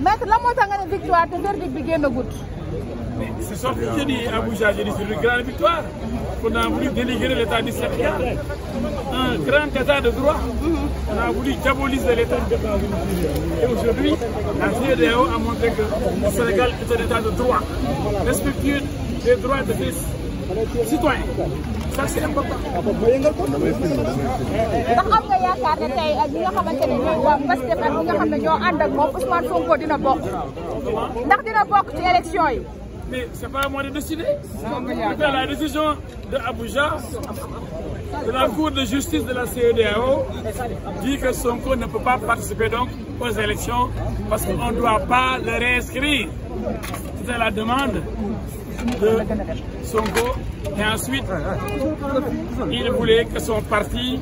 maître la moitié de victoire de verdict c'est une grande victoire On a voulu dénigrer l'état du Sénégal un grand état de droit on a voulu diaboliser l'état du droit et aujourd'hui la CEDEAO a montré que le Sénégal est un état de droit respectueux des droits de l'homme Citoyens, ça c'est pas moi de décider. la décision de Abuja, de la Cour de justice de la CEDAO, dit que Sonko ne peut pas participer donc aux élections parce qu'on ne doit pas le réinscrire. C'était la demande de Sonko. Et ensuite, il voulait que son parti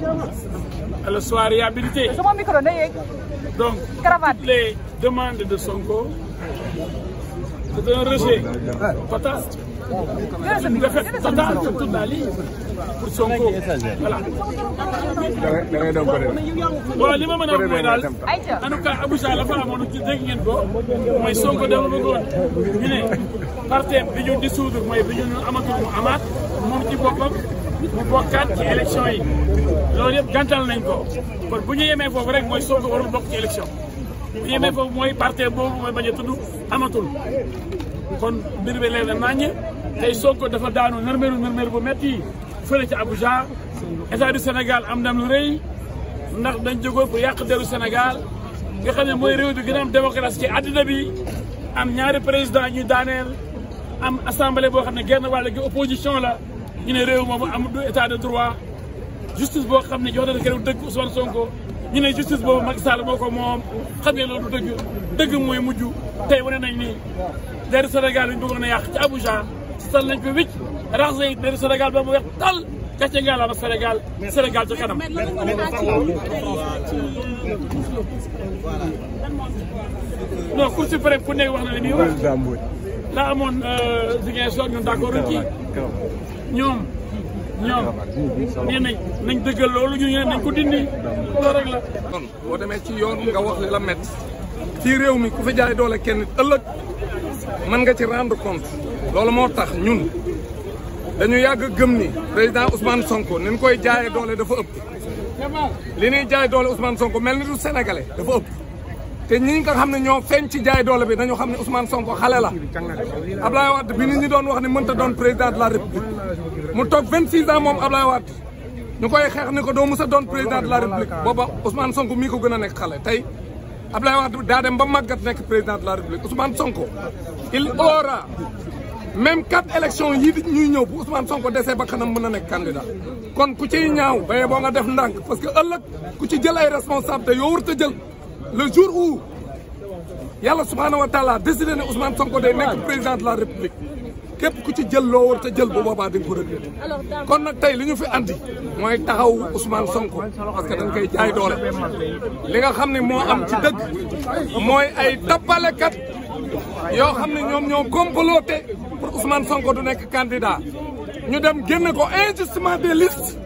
le soit réhabilité. Donc, les demandes de Sonko, c'est un rejet défaite totale de toute la ligne pour Sonko voilà. da ngay dem waaw li ma mën a am mooy daal en tout cas Abuja la fa amoon ci dégg ngeen ko mooy Sonko dafa bëggoon ñu ne parti bi ñu dissoudre mooy bi ñu amatul mu amaat moom ci boppam mu bokkaat ci élection yi loolu yëpp gantal nañ ko kon bu ñu yemee foofu rek mooy Sonko warul bokk ci élection bu ñu yemee foofu mooy parti boobu mooy bañ a amatul. kon mbir bi leer na naññ tey Sonko dafa daanu nërmeeru nërmeeru boo metti fële ci Abuja état du Sénégal am ndam lu rëy ndax dañ jógoon pour yàq deru Sénégal nga xam ne mooy réew bi gën a am démocratie ci àddina bi am ñaari président ñu daaneel am assemblée boo xam ne genn wàll gi opposition la ñu ne réew moomu am du état de droit justice boo xam ne jox na keroog dëgg Ousmane Sonko ñu ne justice boobu Macky Sall moo ko moom xam nga loolu du dëgg mooy mujj tey wane nañ ni deru Sénégal yi ñu bëggoon a yàq ci Abuja sal nañ ko wicc raxas yi deru Sénégal ba mu weex tal gàcce nga la Sénégal Sénégal ca kanam. non Cour suprême ku nekk wax na li muy wax la amoon euh, Ziguinchor ñun d'accord ci ñoom ñoom nee nañ nañ dëggal loolu ñu ne nañ ko dindi la. kon boo demee ci yoon nga wax li la fii réew mi ku fi jaay doole kenn ëllëg mën nga ci rendre compte loolu moo tax ñun dañu yàgg gëm ni président Ousmane Sonko ni ñu koy jaayee doole dafa ëpp li ñuy jaay doole Ousmane Sonko mel ni du sénégalais dafa ëpp te ñi nga xam ne ñoo feeñ ci jaay doole bi dañu xam ne Ousmane Sonko xale la Ablaye Wade bi nit ñi doon wax ne mënta doon président de la république mu toog 26 ans moom Ablaye Wade ñu koy xeex ni ko doo mës a doon président de la république booba mii ko gën a nekk tey Abdoulaye Wade daa dem ba màggat nekk président de la République Ousmane Sonko il aura même quatre élections yi ñuy ñëw bu Ousmane Sonko desee ba kanam mën a nekk candidat kon ku ci ñaaw baye boo a def ndànk parce que ëllëg ku ci jël ay responsabilités yoo warut a jël le jour où yàlla subhaanahu wa taala ne Ousmane Sonko day nekk président de la République képp ku ci jël loo war te jël bu boobaa di nga ko kon nag tey li ñu fi andi mooy taxaw Ousmane Sonko parce que dañ koy jaay doole li nga xam ne moo am ci dëgg mooy ay tappalekat yoo xam ne ñoom ñoo comploté pour Ousmane Sonko du nekk candidat ñu dem génne ko injustement des listes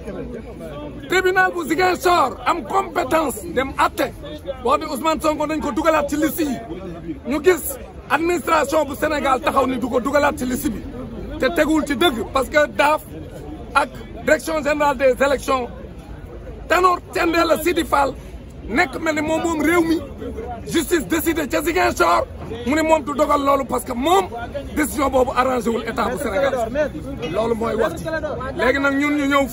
tribunal bu Ziguinchor am compétence dem atte wax ne Ousmane Sonko nañ ko dugalaat ci liste ñu gis administration bu Sénégal taxaw ni du ko dugalaat ci liste te tegul ci deug parce que DAF ak direction générale des élections Tanor Thiendella Sidi Fall nek mel mom mom rewmi justice décidé ci Ziguinchor mu mune mom du dogal lolu parce que mom décision bobu arrangé wul état du Sénégal lolu moy wax légui nak ñun ñu ñëw